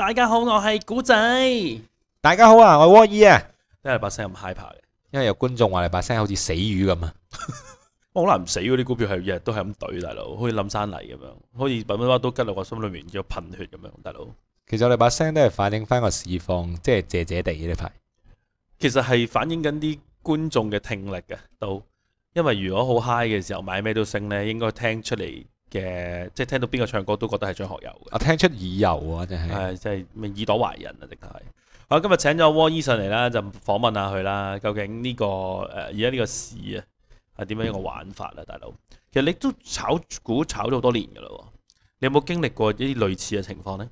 大家好，我係古仔。大家好啊，我係窩耳啊。因為你把聲咁害怕嘅，因為有觀眾話你把聲好似死魚咁啊。我好難唔死，嗰啲股票係日日都係咁懟，大佬，好似冧山泥咁樣，好似把乜都吉落我心裏面，要噴血咁樣，大佬。其實我哋把聲都係反映翻個市況，即係借借地呢排。其實係反映緊啲觀眾嘅聽力嘅，都因為如果好 high 嘅時候買咩都升咧，應該聽出嚟，嘅即係聽到邊個唱歌都覺得係張學友嘅，啊聽出耳油啊真係，係即係咩耳朵懷人啊，正係。好、啊、今日請咗 Warisan 嚟啦，就訪問下佢啦。究竟呢、呢個誒而家呢個市啊係點樣一個玩法啊，嗯、大佬？其實你都炒股炒咗好多年㗎啦，你有冇經歷過啲類似嘅情況呢？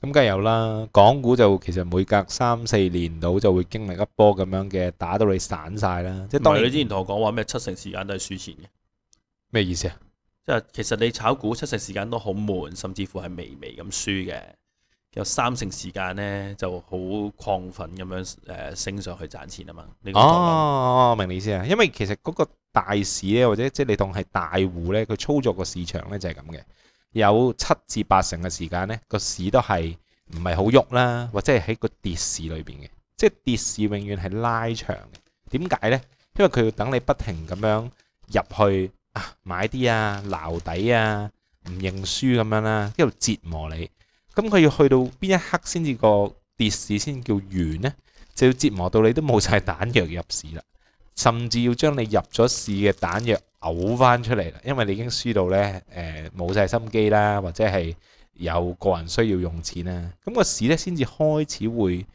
咁梗係有啦，港股就其實每隔三四年到就會經歷一波咁樣嘅打到你散晒啦。即係是當然年你之前同我講話咩七成時間都係輸錢嘅，咩意思啊？即其實你炒股七成時間都好悶，甚至乎係微微咁輸嘅。有三成時間呢就好亢奮咁樣誒升上去賺錢啊嘛。哦，哦，明你意思啊。因為其實嗰個大市呢，或者即係你當係大戶呢，佢操作個市場呢就係咁嘅。有七至八成嘅時間呢，個市都係唔係好喐啦，或者係喺個跌市裏邊嘅。即係跌市永遠係拉長嘅。點解呢？因為佢要等你不停咁樣入去。買啲啊，撈、啊、底啊，唔認輸咁樣啦，一路折磨你。咁佢要去到邊一刻先至個跌市先叫完呢？就要折磨到你都冇晒彈藥入市啦，甚至要將你入咗市嘅彈藥嘔翻出嚟啦，因為你已經輸到呢，誒、呃，冇晒心機啦，或者係有個人需要用錢啦。咁、那個市呢，先至開始會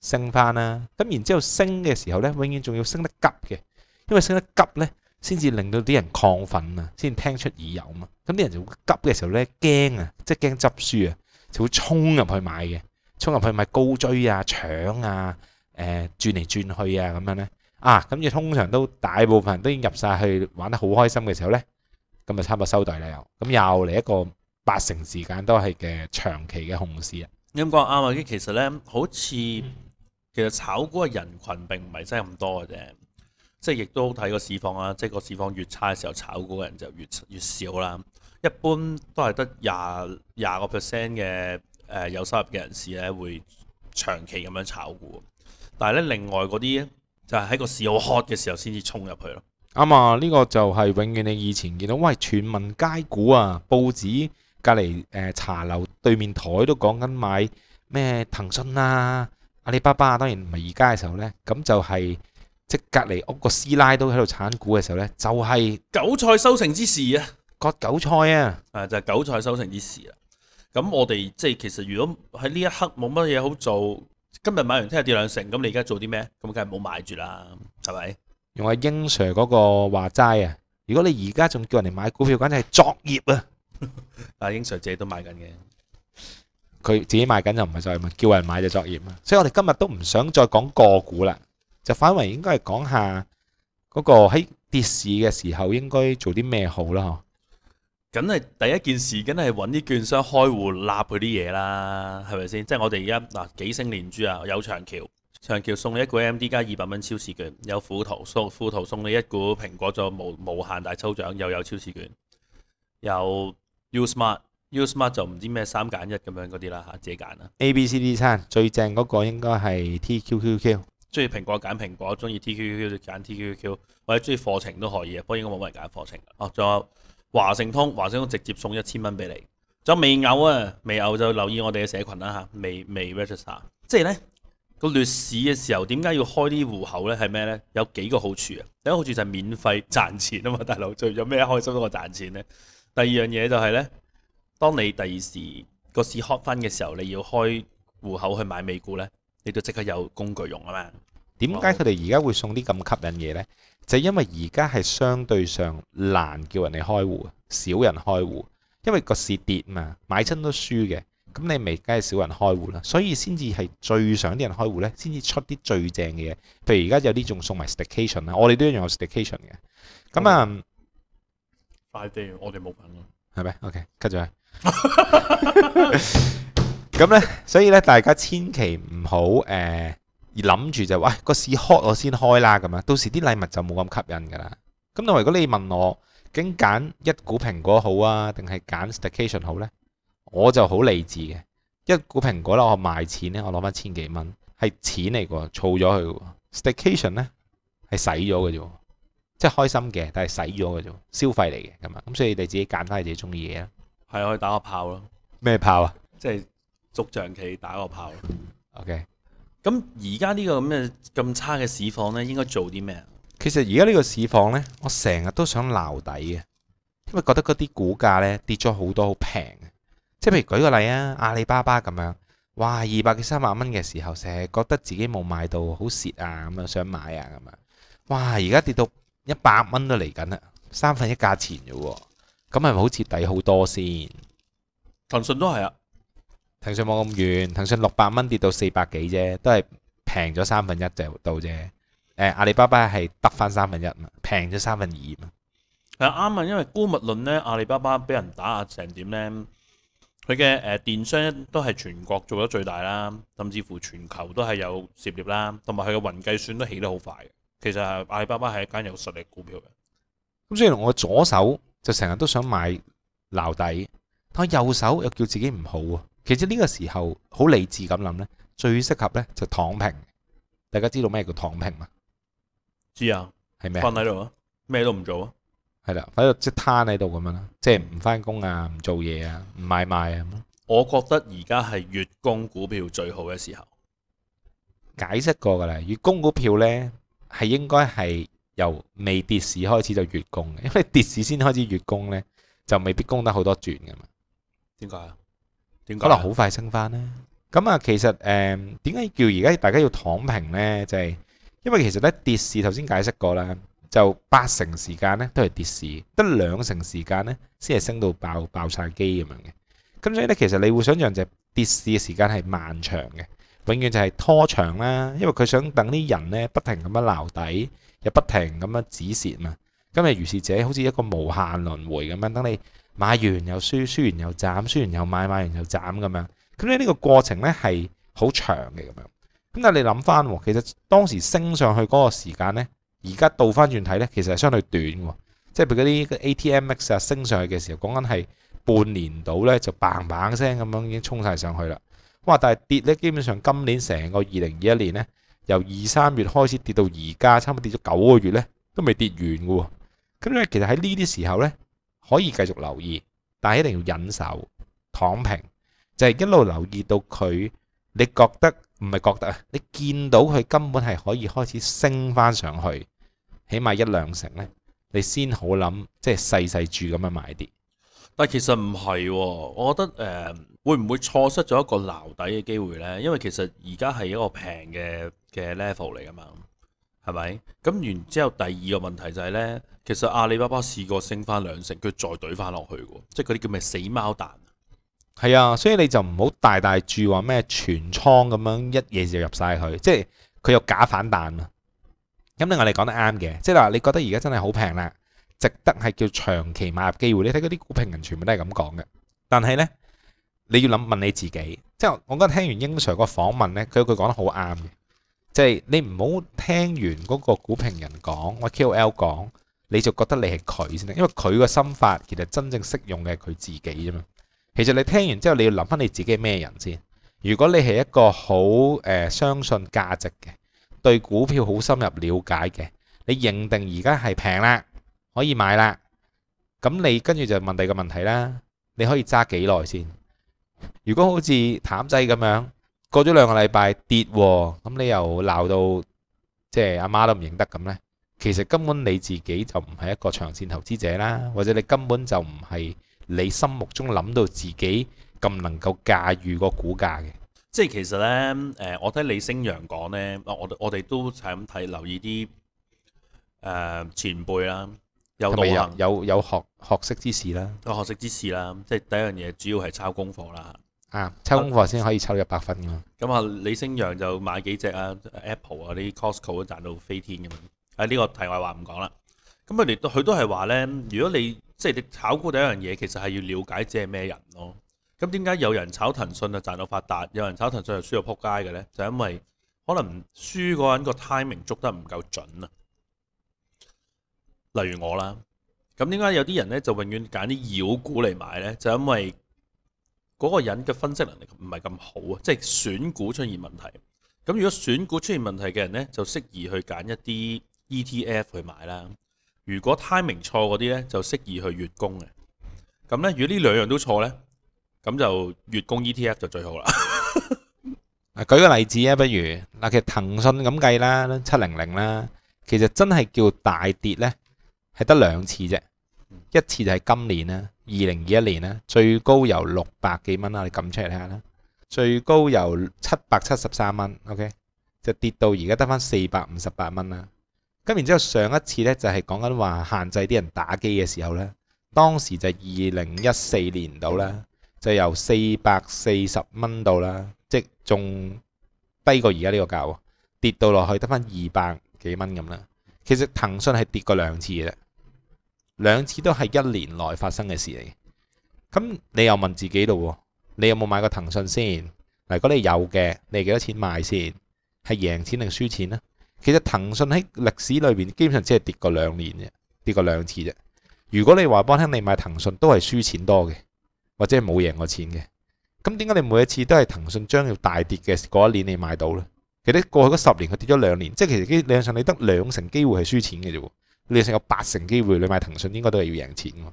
升翻啦。咁然之後升嘅時候呢，永遠仲要升得急嘅，因為升得急呢。先至令到啲人亢奮啊，先聽出耳油啊嘛，咁啲人就會急嘅時候咧驚啊，即係驚執輸啊，就會衝入去買嘅，衝入去買高追啊、搶啊、誒轉嚟轉去啊咁樣咧，啊，咁就通常都大部分人都已經入曬去玩得好開心嘅時候咧，咁就差唔多收袋啦又，咁又嚟一個八成時間都係嘅長期嘅熊市啊。你咁講啱啊，其實咧好似其實炒股嘅人羣並唔係真係咁多嘅啫。即係亦都睇個市況啦，即係個市況越差嘅時候，炒股嘅人就越越少啦。一般都係得廿廿個 percent 嘅誒有收入嘅人士咧，會長期咁樣炒股。但係咧，另外嗰啲咧就係喺個市好 hot 嘅時候先至衝入去咯。啱啊，呢個就係永遠你以前見到，喂，全民皆股啊，報紙隔離誒茶樓對面台都講緊買咩騰訊啊、阿里巴巴啊，當然唔係而家嘅時候咧，咁就係。即隔籬屋個師奶都喺度炒股嘅時候呢，就係、是、韭菜收成之時啊！割韭菜啊！誒、啊，就係、是、韭菜收成之時啊。咁我哋即係其實如果喺呢一刻冇乜嘢好做，今日買完聽日跌兩成，咁你而家做啲咩？咁梗係冇買住啦，係咪？用阿英 sir 嗰個話齋啊！如果你而家仲叫人哋買股票，簡直係作業啊！阿 英 sir 自己都買緊嘅，佢自己買緊就唔係作業，再叫人買就作業啊！所以我哋今日都唔想再講個股啦。就反為應該係講下嗰個喺跌市嘅時候應該做啲咩好啦～嗬，梗係第一件事，梗係揾啲券商開戶立佢啲嘢啦，係咪先？即係我哋而家嗱，幾星連珠啊，有長橋，長橋送你一股 M D 加二百蚊超市券，有富途送富途送你一股蘋果做無無限大抽獎，又有超市券，有 U Smart，U Smart 就唔知咩三揀一咁樣嗰啲啦嚇，自己揀啦。A B C D 餐最正嗰個應該係 T Q Q Q。中意蘋果揀蘋果，中意 TQQQ 揀 TQQQ 或者中意課程都可以啊，不過應該冇乜人揀課程哦，仲有華盛通，華盛通直接送一千蚊俾你。仲有美牛啊，美牛就留意我哋嘅社群啦嚇，美美 register 即係呢個劣市嘅時候，點解要開啲戶口呢？係咩呢？有幾個好處啊？第一個好處就係免費賺錢啊嘛，大佬。最咗咩開心過賺錢呢？第二樣嘢就係呢，當你第二時個市 hot 翻嘅時候，你要開戶口去買美股呢。你都即刻有工具用啊嘛？點解佢哋而家會送啲咁吸引嘢呢？就係因為而家係相對上難叫人哋開戶，少人開戶，因為個市跌嘛，買親都輸嘅，咁你咪梗係少人開戶啦。所以先至係最想啲人開戶呢，先至出啲最正嘅嘢。譬如而家有啲仲送埋 station 啊，我哋都一樣有 station 嘅。咁啊 Okay.，快啲，我哋冇品啊，係咪？OK，跟住啊！咁咧， 所以咧，大家千祈唔好誒，諗、呃、住就話，個、哎、市 hot 我先開啦，咁啊，到時啲禮物就冇咁吸引噶啦。咁同埋，如果你問我，竟揀一股蘋果好啊，定係揀 Staycation 好呢、啊 St 啊？我就好理智嘅，一股蘋果啦，我賣錢咧，我攞翻千幾蚊，係錢嚟噶喎，儲咗佢；Staycation 呢，係使咗嘅啫，即係開心嘅，但係使咗嘅啫，消費嚟嘅，咁啊，咁所以你自己揀翻你自己中意嘢啦。係可以打個炮咯。咩炮啊？即係～捉象棋打個炮 OK。咁而家呢個咁嘅咁差嘅市況呢，應該做啲咩啊？其實而家呢個市況呢，我成日都想撈底嘅，因為覺得嗰啲股價呢，跌咗好多很，好平。即係譬如舉個例啊，阿里巴巴咁樣，哇，二百幾三百蚊嘅時候，成日覺得自己冇買到，好蝕啊，咁啊想買啊咁啊。哇，而家跌到一百蚊都嚟緊啦，三分一價錢啫喎，咁係咪好似抵好多先？騰訊都係啊。騰訊冇咁遠，騰訊六百蚊跌到四百幾啫，都係平咗三分一就到啫。誒、啊，阿里巴巴係得翻三分一嘛，平咗三分二嘛。係啱啊，因為沽物論咧，阿里巴巴俾人打壓成點咧？佢嘅誒電商都係全國做得最大啦，甚至乎全球都係有涉獵啦，同埋佢嘅雲計算都起得好快。其實、啊、阿里巴巴係一間有實力股票嘅。咁雖然我左手就成日都想買撈底，但係右手又叫自己唔好啊。其實呢個時候好理智咁諗呢，最適合呢就躺平。大家知道咩叫躺平嘛？知啊，係咩？瞓喺度啊，咩都唔做啊，係啦，瞓喺度即係癱喺度咁樣啦，即係唔翻工啊，唔做嘢啊，唔買賣啊。我覺得而家係月供股票最好嘅時候。解釋過噶啦，月供股票呢係應該係由未跌市開始就月供嘅，因為跌市先開始月供呢，就未必供得好多轉噶嘛。點解？可能好快升翻咧，咁啊，其實誒點解叫而家大家要躺平咧？就係因為其實咧跌市，頭先解釋過啦，就八成時間咧都係跌市，得兩成時間咧先係升到爆爆曬機咁樣嘅。咁所以咧，其實你會想像就係跌市嘅時間係漫長嘅，永遠就係拖長啦，因為佢想等啲人咧不停咁樣撈底，又不停咁樣止蝕嘛。今日如是者，好似一個無限輪迴咁樣，等你。買完又輸，輸完又斬，輸完又買，買完又斬咁樣。咁咧呢個過程咧係好長嘅咁樣。咁但係你諗翻，其實當時升上去嗰個時間咧，而家倒翻轉睇咧，其實係相對短喎。即係譬如嗰啲 ATMX 啊升上去嘅時候，講緊係半年到咧就嘭嘭聲咁樣已經衝晒上去啦。哇！但係跌咧，基本上今年成個二零二一年咧，由二三月開始跌到而家，差唔多跌咗九個月咧，都未跌完嘅喎。咁咧其實喺呢啲時候咧。可以繼續留意，但係一定要忍受。躺平，就係、是、一路留意到佢，你覺得唔係覺得啊，你見到佢根本係可以開始升返上去，起碼一兩成呢。你先好諗，即係細細注咁樣買啲。但其實唔係、哦，我覺得誒、呃，會唔會錯失咗一個撈底嘅機會呢？因為其實而家係一個平嘅嘅 level 嚟㗎嘛。係咪？咁然之後，第二個問題就係呢。其實阿里巴巴試過升翻兩成，佢再懟翻落去喎，即係嗰啲叫咩死貓蛋。係啊，所以你就唔好大大注話咩全倉咁樣一夜就入晒去，即係佢有假反彈啊。咁你我哋講得啱嘅，即係話你覺得而家真係好平啦，值得係叫長期買入機會。你睇嗰啲股評人全部都係咁講嘅，但係呢，你要諗問你自己，即係我覺得聽完英 Sir 個訪問呢，佢句講得好啱。即係你唔好聽完嗰個股評人講，或 KOL 講，你就覺得你係佢先得，因為佢個心法其實真正適用嘅係佢自己啫嘛。其實你聽完之後，你要諗翻你自己係咩人先。如果你係一個好誒、呃、相信價值嘅，對股票好深入了解嘅，你認定而家係平啦，可以買啦，咁你跟住就問第二個問題啦。你可以揸幾耐先？如果好似淡仔咁樣。過咗兩個禮拜跌，咁你又鬧到即係阿媽都唔認得咁咧？其實根本你自己就唔係一個長線投資者啦，或者你根本就唔係你心目中諗到自己咁能夠駕馭個股價嘅。即係其實咧，誒，我睇李星陽講咧，我我我哋都係咁睇，留意啲誒前輩啦，有有有學學識之士啦，學識之士啦，即係第一樣嘢，主要係抄功課啦。啊，抽功課先可以抽到一百分噶，咁啊，李星陽就買幾隻啊，Apple 啊啲 Costco 都賺到飛天咁嘛？啊呢個題外話唔講啦。咁啊，佢都佢都係話咧，如果你即係你炒股第一樣嘢，其實係要了解只係咩人咯。咁點解有人炒騰訊啊賺到發達，有人炒騰訊就輸到撲街嘅咧？就因為可能輸嗰個人個 timing 捉得唔夠準啊。例如我啦，咁點解有啲人咧就永遠揀啲妖股嚟買咧？就因為。嗰個人嘅分析能力唔係咁好啊，即係選股出現問題。咁如果選股出現問題嘅人呢，就適宜去揀一啲 ETF 去買啦。如果 timing 錯嗰啲呢，就適宜去月供嘅。咁呢，如果呢兩樣都錯呢，咁就月供 ETF 就最好啦。 舉個例子啊，不如嗱，其實騰訊咁計啦，七零零啦，其實真係叫大跌呢，係得兩次啫，一次就係今年啦。二零二一年咧，最高由六百幾蚊啦，你撳出嚟睇下啦。最高由七百七十三蚊，OK，就跌到而家得翻四百五十八蚊啦。咁然之後，上一次咧就係講緊話限制啲人打機嘅時候咧，當時就二零一四年度啦，就由四百四十蚊度啦，即仲低過而家呢個價喎，跌到落去得翻二百幾蚊咁啦。其實騰訊係跌過兩次嘅。兩次都係一年內發生嘅事嚟，咁你又問自己咯，你有冇買過騰訊先？嗱，如果你有嘅，你幾多錢買先？係贏錢定輸錢呢？其實騰訊喺歷史裏邊，基本上只係跌過兩年啫，跌過兩次啫。如果你話講你買騰訊都係輸錢多嘅，或者係冇贏過錢嘅，咁點解你每一次都係騰訊將要大跌嘅嗰一年你買到呢？其實過去嗰十年佢跌咗兩年，即係其實理論上你得兩成機會係輸錢嘅啫。你成個八成機會，你買騰訊應該都係要贏錢喎。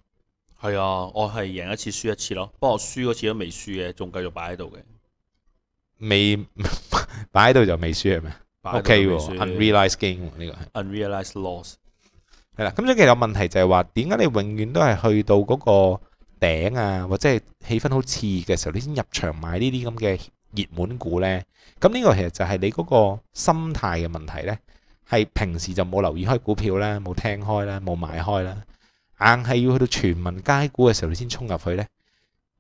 係啊，我係贏一次輸一次咯。不過輸嗰次都未輸嘅，仲繼續擺喺度嘅。未擺喺度就未輸係咩？OK，unrealized gain 呢個係 unrealized loss 係啦。咁樣其實有問題就係話，點解你永遠都係去到嗰個頂啊，或者係氣氛好熾嘅時候，你先入場買呢啲咁嘅熱門股咧？咁呢個其實就係你嗰個心態嘅問題咧。係平時就冇留意開股票啦，冇聽開啦，冇買開啦，硬係要去到全民皆股嘅時候，你先衝入去咧。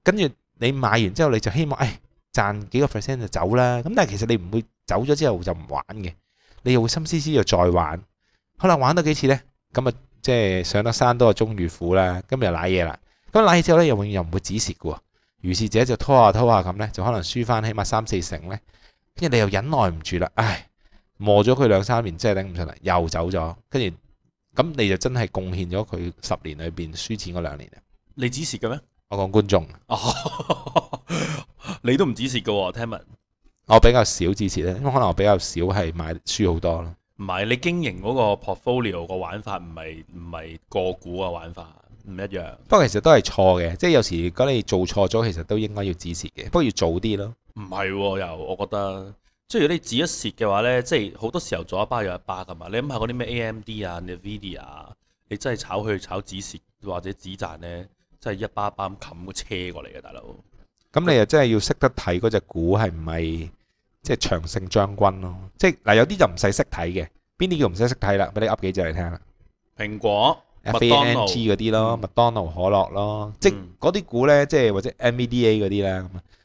跟住你買完之後，你就希望誒賺幾個 percent 就走啦。咁但係其實你唔會走咗之後就唔玩嘅，你又會心思思又再玩。可能玩多幾次咧，咁啊即係上得山多啊，終遇虎啦，今日又瀨嘢啦。咁瀨嘢之後咧，又永遠又唔會止蝕嘅喎。如是者就拖下拖下咁咧，就可能輸返起碼三四成咧。跟住你又忍耐唔住啦，唉～磨咗佢兩三年，真係頂唔順嚟，又走咗。跟住咁，你就真係貢獻咗佢十年裏邊輸錢嗰兩年啊！你止蝕嘅咩？我講觀眾， 你都唔止蝕嘅，聽聞。我，我比較少止蝕咧，因為可能我比較少係買輸好多咯。唔係，你經營嗰個 portfolio 個玩法唔係唔係個股嘅玩法，唔一樣。不過其實都係錯嘅，即係有時如果你做錯咗，其實都應該要止蝕嘅，不過要早啲咯。唔係、哦，又我覺得。即係如果你止一蝕嘅話咧，即係好多時候左一巴右一巴噶嘛。你諗下嗰啲咩 A.M.D 啊、Nvidia 啊，你真係炒佢炒止蝕或者止賺咧，真係一巴一巴冚個車過嚟嘅大佬。咁、嗯 嗯、你又真係要識得睇嗰隻股係唔係即係長勝將軍咯？即係嗱、啊，有啲就唔使識睇嘅。邊啲叫唔使識睇啦？俾你噏幾隻嚟聽啦。蘋果、F.A.N.G 嗰啲咯，麥當勞、嗯、麥當勞可樂咯，即係嗰啲股咧，嗯、即係或者 m v d a 嗰啲咧。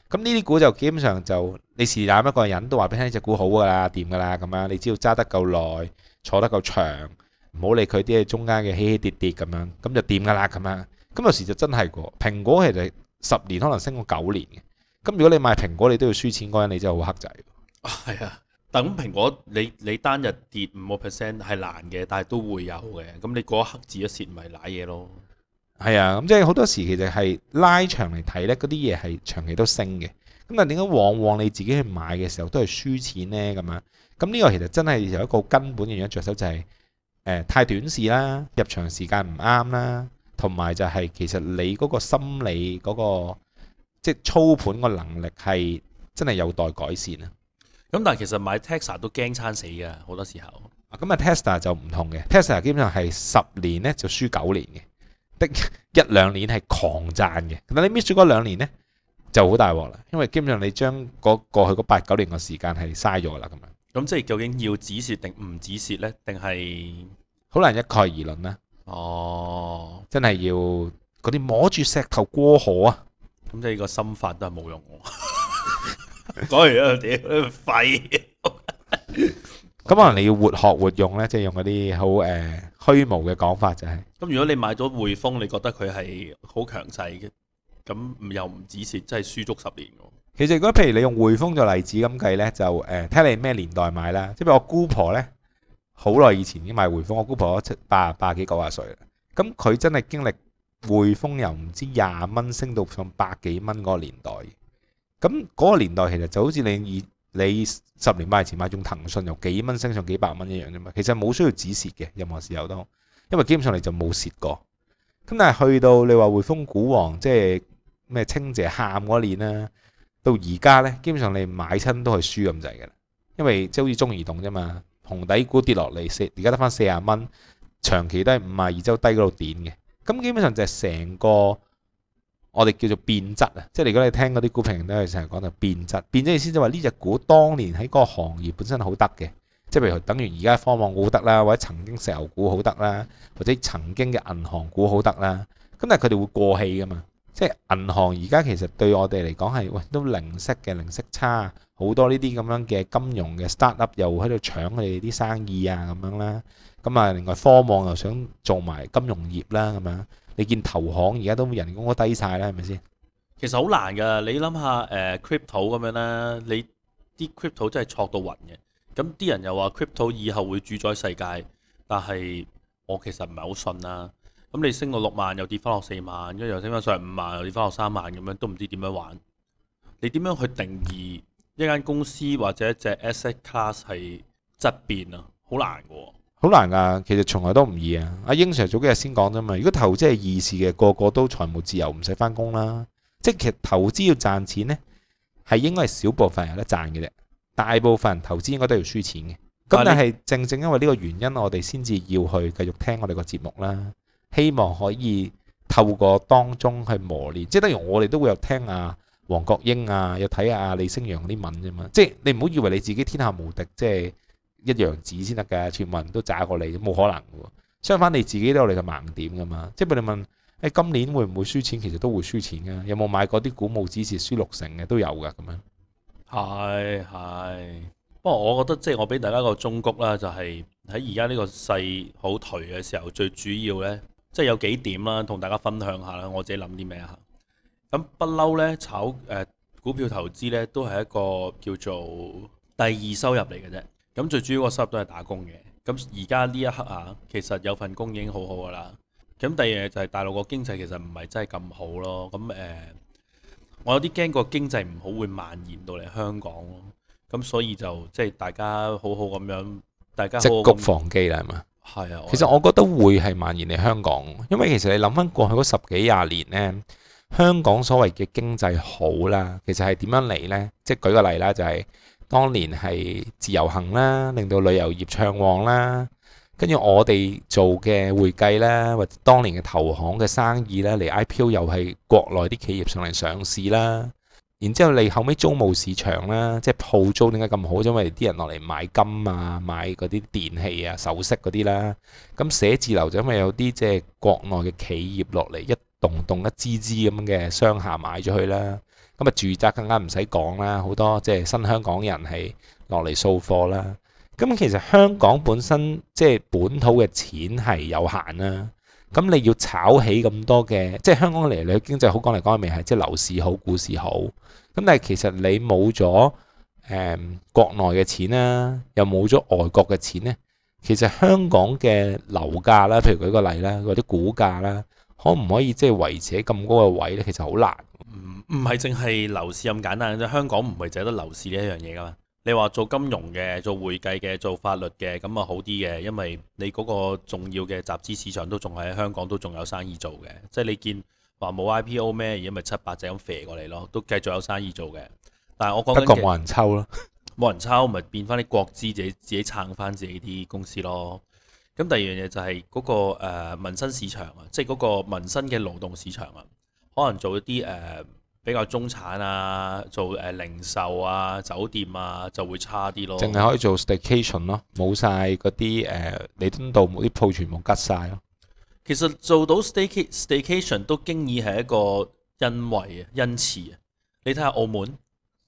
咁呢啲股就基本上就你是但一個人都話俾你聽，隻股好噶啦，掂噶啦咁樣，你只要揸得夠耐，坐得夠長，唔好理佢啲中間嘅起起跌跌咁樣，咁就掂噶啦咁樣。咁有時就真係個蘋果其實十年可能升過九年嘅。咁如果你買蘋果，你都要輸錢嗰陣，你真係好黑仔。係啊，等蘋果你你單日跌五個 percent 係難嘅，但係都會有嘅。咁你嗰一刻止咗蝕咪瀨嘢咯。係啊，咁即係好多時其實係拉長嚟睇咧，嗰啲嘢係長期都升嘅。咁但係點解往往你自己去買嘅時候都係輸錢呢？咁啊，咁呢個其實真係有一個根本嘅原因，着、就、手、是，就、呃、係太短視啦，入場時間唔啱啦，同埋就係其實你嗰個心理嗰、嗰個即係操盤個能力係真係有待改善啊。咁但係其實買 Tesla 都驚慘死啊，好多時候咁啊、嗯、Tesla 就唔同嘅，Tesla 基本上係十年咧就輸九年嘅。的一兩年係狂賺嘅，但你 miss 咗嗰兩年呢，就好大鑊啦，因為基本上你將嗰過去嗰八九年嘅時間係嘥咗啦咁樣。咁即係究竟要止蝕定唔止蝕呢？定係好難一概而論呢。哦，真係要嗰啲摸住石頭過河啊！咁即係呢個心法都係冇用。講完啊，屌廢！咁可能你要活學活用咧，即係用嗰啲好誒虛無嘅講法就係。咁如果你買咗匯豐，你覺得佢係好強勢嘅，咁又唔止蝕真係輸足十年嘅。其實如果譬如你用匯豐做例子咁計咧，就誒睇你咩年代買啦。即係我姑婆咧，好耐以前已經買匯豐，我姑婆七八啊八幾九啊歲啦。咁佢真係經歷匯豐由唔知廿蚊升到上百幾蚊嗰個年代。咁嗰個年代其實就好似你以。你十年八年前買中騰訊由幾蚊升上幾百蚊一樣啫嘛，其實冇需要止蝕嘅，任何時候都，因為基本上你就冇蝕過。咁但係去到你話匯豐股王，即係咩清姐喊嗰年啦，到而家咧基本上你買親都係輸咁滯嘅啦，因為即係好似中移動啫嘛，紅底股跌落嚟蝕，而家得返四十蚊，長期都係五十二周低嗰度點嘅，咁基本上就係成個。我哋叫做變質啊！即係如果你聽嗰啲股評咧，成日講就變質。變質意思就話呢隻股當年喺嗰個行業本身好得嘅，即係譬如等於而家科網股得啦，或者曾經石油股好得啦，或者曾經嘅銀行股好得啦。咁但係佢哋會過氣噶嘛？即係銀行而家其實對我哋嚟講係喂都零息嘅，零息差好多呢啲咁樣嘅金融嘅 startup 又喺度搶佢哋啲生意啊咁樣啦。咁啊，另外科網又想做埋金融業啦咁樣。你見投行而家都人工都低晒啦，係咪先？其實好難㗎，你諗下誒、呃、Crypto 咁樣啦，你啲 Crypto 真係錯到暈嘅。咁啲人又話 Crypto 以後會主宰世界，但係我其實唔係好信啦。咁你升到六萬又跌翻落四萬，跟住又升翻上五萬又跌翻落三萬咁樣，都唔知點樣玩。你點樣去定義一間公司或者一隻 Asset Class 係質變啊？好難㗎喎！好難㗎，其實從來都唔易啊！阿英 Sir 早幾日先講啫嘛。如果投資係易事嘅，個個都財務自由，唔使返工啦。即係其實投資要賺錢呢，係應該係少部分人得賺嘅啫。大部分人投資應該都要輸錢嘅。咁但係正正因為呢個原因，我哋先至要去繼續聽我哋個節目啦。希望可以透過當中去磨練，即係等於我哋都會有聽阿黃國英啊，有睇下李星陽啲文啫嘛。即係你唔好以為你自己天下無敵，即係。一樣止先得㗎，全部人都炸過你，冇可能㗎。相反，你自己都有你嘅盲點㗎嘛。即係你問，誒、哎、今年會唔會輸錢？其實都會輸錢㗎。有冇買過啲股冇止蝕，輸六成嘅都有㗎咁樣。係係，不過我覺得即係、就是、我俾大家一個忠告啦，就係喺而家呢個勢好頹嘅時候，最主要呢，即係有幾點啦，同大家分享下啦。我自己諗啲咩啊？咁不嬲呢，炒誒、呃、股票投資呢，都係一個叫做第二收入嚟嘅啫。咁最主要個收入都係打工嘅，咁而家呢一刻啊，其實有份工已經好好噶啦。咁第二嘢就係大陸個經濟其實唔係真係咁好咯。咁誒、呃，我有啲驚個經濟唔好會蔓延到嚟香港咯。咁所以就即係大家好好咁樣，大家積穀防饑啦，係嘛？係啊，其實我覺得會係蔓延嚟香港，因為其實你諗翻過去嗰十幾廿年呢，香港所謂嘅經濟好啦，其實係點樣嚟呢？即係舉個例啦，就係，就係。當年係自由行啦，令到旅遊業暢旺啦。跟住我哋做嘅會計啦，或者當年嘅投行嘅生意啦，嚟 IPO 又係國內啲企業上嚟上市啦。然之後你後尾租務市場啦，即係鋪租點解咁好？因為啲人落嚟買金啊，買嗰啲電器啊、首飾嗰啲啦。咁寫字樓就因為有啲即係國內嘅企業落嚟一棟棟一支支咁嘅商廈買咗去啦。咁啊，住宅更加唔使講啦，好多即係新香港人係落嚟掃貨啦。咁其實香港本身即係、就是、本土嘅錢係有限啦。咁你要炒起咁多嘅、就是，即係香港嚟嚟去去經濟好講嚟講去，咪係即係樓市好、股市好。咁但係其實你冇咗誒國內嘅錢啦，又冇咗外國嘅錢咧，其實香港嘅樓價啦，譬如舉個例啦，或者股價啦，可唔可以即係維持喺咁高嘅位咧？其實好難。唔唔係淨係樓市咁簡單嘅，香港唔係只係得樓市呢一樣嘢噶嘛。你話做金融嘅、做會計嘅、做法律嘅咁啊，好啲嘅，因為你嗰個重要嘅集資市場都仲喺香港，都仲有生意做嘅。即係你見話冇 IPO 咩，而家咪七八隻咁飛過嚟咯，都繼續有生意做嘅。但係我覺得，不過冇人抽咯，冇人抽咪變翻啲國資自己自己撐翻自己啲公司咯。咁第二樣嘢就係嗰、嗰個誒、呃、民生市場啊，即係嗰個民生嘅勞動市場啊。可能做一啲誒、呃、比較中產啊，做誒、呃、零售啊、酒店啊就會差啲咯。淨係可以做 staycation 咯，冇晒嗰啲誒，你、呃、邊度冇啲鋪全部吉晒咯。其實做到 staycation 都經已係一個恩惠啊，恩賜啊，你睇下澳門。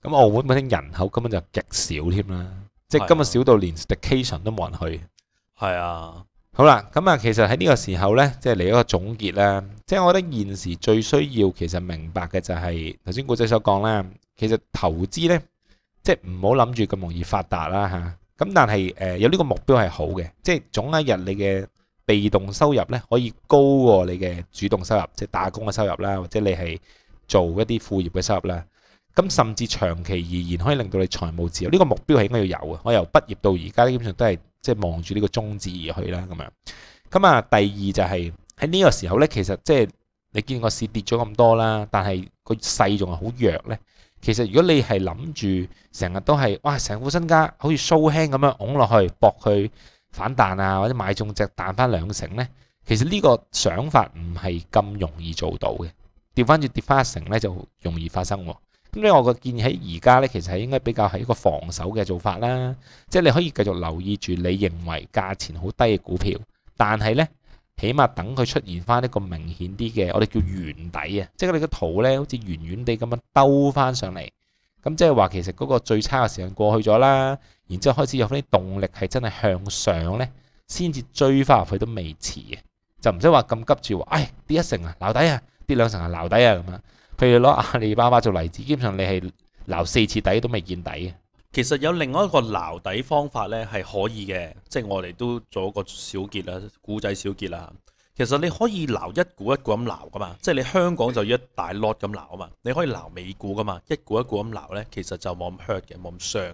咁、嗯、澳門本身人口根本就極少添啦，即係今日少到連 staycation 都冇人去。係啊。好啦，咁啊，其實喺呢個時候呢，即係嚟一個總結啦。即係我覺得現時最需要其實明白嘅就係頭先古仔所講啦。其實投資呢，即係唔好諗住咁容易發達啦嚇。咁但係誒有呢個目標係好嘅，即係總一日你嘅被動收入呢可以高過你嘅主動收入，即係打工嘅收入啦，或者你係做一啲副業嘅收入啦。咁甚至長期而言，可以令到你財務自由呢個目標係應該要有嘅。我由畢業到而家，基本上都係即係望住呢個宗旨而去啦。咁樣咁啊，第二就係喺呢個時候呢，其實即係你見個市跌咗咁多啦，但係個勢仲係好弱呢。其實如果你係諗住成日都係哇，成副身家好似掃輕咁樣拱落去搏去反彈啊，或者買中隻彈翻兩成呢，其實呢個想法唔係咁容易做到嘅。跌翻住，跌翻一成呢，就容易發生喎。咁呢，我個建議喺而家呢，其實係應該比較係一個防守嘅做法啦。即係你可以繼續留意住你認為價錢好低嘅股票，但係呢，起碼等佢出現翻一個明顯啲嘅，我哋叫圓底啊。即係你個圖呢好似圓圓地咁樣兜翻上嚟。咁即係話其實嗰個最差嘅時間過去咗啦，然之後開始有啲動力係真係向上呢，先至追翻入去都未遲啊。就唔使話咁急住話，唉，跌一成啊，鬧底啊，跌兩成啊，鬧底啊咁樣。譬如攞阿里巴巴做例子，基本上你係撈四次底都未見底嘅。其實有另外一個撈底方法呢，係可以嘅，即係我哋都做一個小結啦，股仔小結啦。其實你可以撈一股一股咁撈噶嘛，即係你香港就一大 load 咁撈啊嘛，你可以撈美股噶嘛，一股一股咁撈呢，其實就冇咁 hurt 嘅，冇咁傷，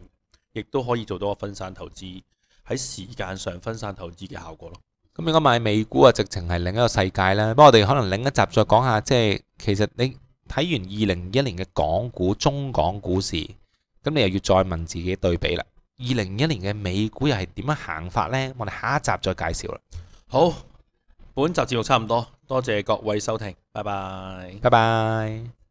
亦都可以做到個分散投資喺時間上分散投資嘅效果咯。咁如果買美股啊，直情係另一個世界啦。不過我哋可能另一集再講下，即係其實你。睇完二零二一年嘅港股、中港股市，咁你又要再問自己對比啦。二零二一年嘅美股又係點樣行法呢？我哋下一集再介紹啦。好，本集節目差唔多，多謝各位收聽，拜拜，拜拜。